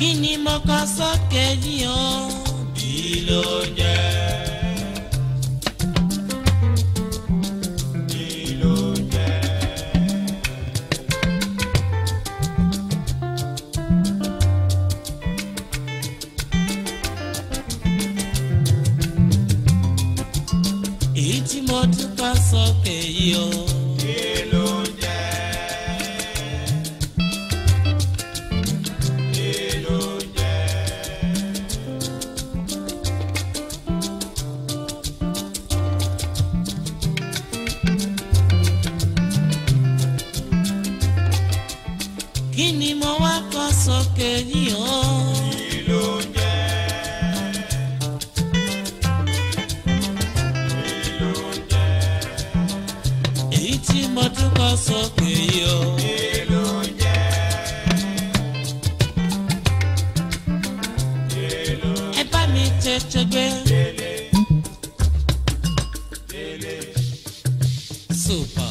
kí ni mo kọ sókè ní o. bí ló jẹ́. bí mo tún kọ sókè yìí o. kí ló jẹ́. kí ni mo wá kọ́ sókè yìí o. kí ló ń jẹ́? kí ló ń jẹ́? èyí tí mo tún kọ́ sókè yìí o. ẹ bá mi tètè gbé. Super.